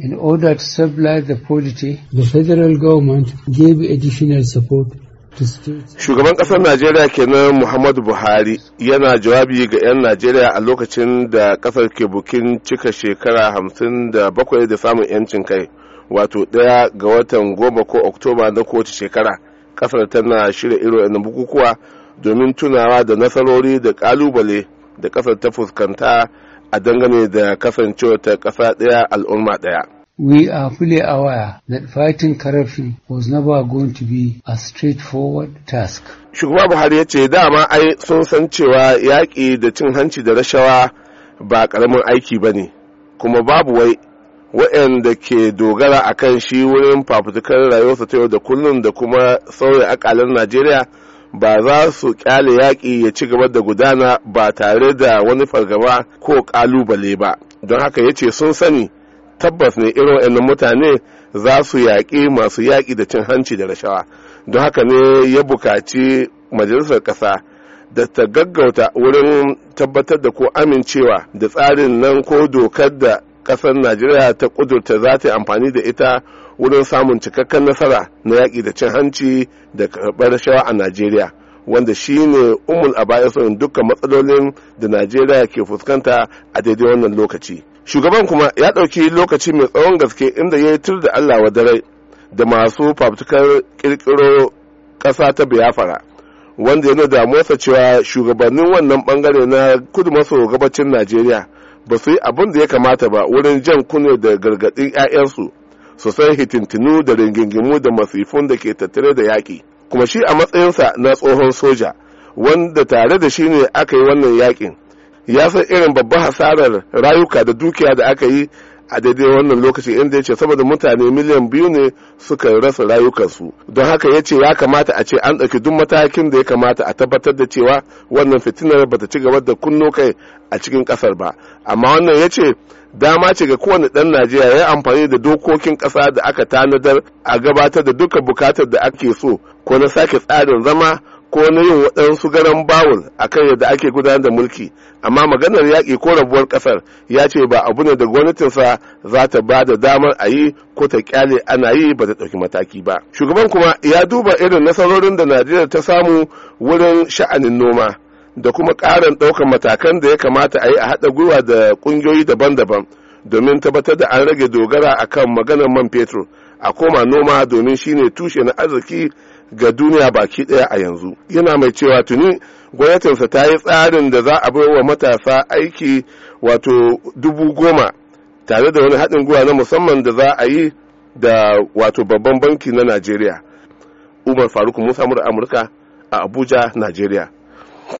In order to stabilize the polity, the federal government gave additional support to Shugaban ƙasar Najeriya kenan Muhammadu Buhari yana jawabi ga 'yan Najeriya a lokacin da ƙasar ke bukin cika shekara hamsin da bakwai da samun 'yancin kai, wato ɗaya ga watan goma ko Oktoba na kowace shekara. Ƙasar tana shirya irin bukukuwa domin tunawa da nasarori da ƙalubale da ƙasar ta fuskanta a dangane da kasancewar ta ƙasa ɗaya al'umma ɗaya. We are fully aware that fighting corruption was never going to be a straightforward task. Shugaba Buhari ya ce dama ai sun san cewa yaƙi da cin hanci da rashawa ba ƙaramin aiki ba ne, kuma babu wai waɗanda ke dogara a kan shi wurin fafutukar rayuwarsa ta yau da kullum da kuma sauya akalin Najeriya ba za su kyale yaƙi ya ci gaba da gudana ba tare da wani fargaba ko ƙalubale ba don haka ya ce sun sani tabbas ne irin wa'annan mutane za su yaƙi masu yaƙi da cin hanci da rashawa don haka ne ya buƙaci majalisar ƙasa da ta gaggauta wurin tabbatar da ko amincewa da tsarin nan ko dokar da kasar najeriya ta kudurta za ta yi amfani da ita wurin samun cikakken nasara na yaƙi da cin hanci da karɓar shawa a najeriya wanda shi ne umul a abayasun dukkan matsalolin da najeriya ke fuskanta a daidai wannan lokaci shugaban kuma ya ɗauki lokaci mai tsawon gaske inda ya yi tur da allah wa dare da masu fafutukar ƙirƙiro ƙasa ta biyafara wanda ya nuna damuwarsa cewa shugabannin wannan bangare na kudu maso gabacin najeriya ba su yi abin da ya kamata ba wurin jan kunne da gargaɗin 'ya'yansu su san hitintinu da ringingimu da masifun da ke tattare da yaƙi kuma shi a matsayinsa na tsohon soja wanda tare da shi ne aka yi wannan yaƙin ya san irin babbar hasarar rayuka da dukiya da aka yi a daidai wannan lokaci inda ya ce saboda mutane miliyan biyu ne suka rasa rayukansu don haka ya ce ya kamata a ce an ɗauki duk matakin da ya kamata a tabbatar da cewa wannan fitinar bata ci gaba da kunno kai a cikin ƙasar ba amma wannan ya ce dama ce ga kowane ɗan najeriya ya amfani da dokokin ƙasa da aka tanadar a gabatar da duka bukatar da ake so ko na sake tsarin zama ko na yin waɗansu garan bawul kan yadda ake gudanar da mulki amma maganar yaƙi ko rabuwar ƙasar ya ce ba abu ne da gwamnatinsa za ta ba da damar a yi ko ta kyale ana yi ba ta ɗauki mataki ba shugaban kuma ya duba irin nasarorin da najeriya ta samu wurin sha'anin noma da kuma ƙarin ɗaukar matakan da ya kamata a yi a haɗa gwiwa da ƙungiyoyi daban-daban domin tabbatar da an rage dogara akan maganar man fetur a koma noma domin shine tushe na arziki ga duniya baki ɗaya a yanzu yana mai cewa tuni gwamnatinsa ta yi tsarin da za a wa matasa aiki wato dubu goma tare da wani haɗin gwiwa na musamman da za a yi da wato babban banki na najeriya umar faruk musa amurka a abuja najeriya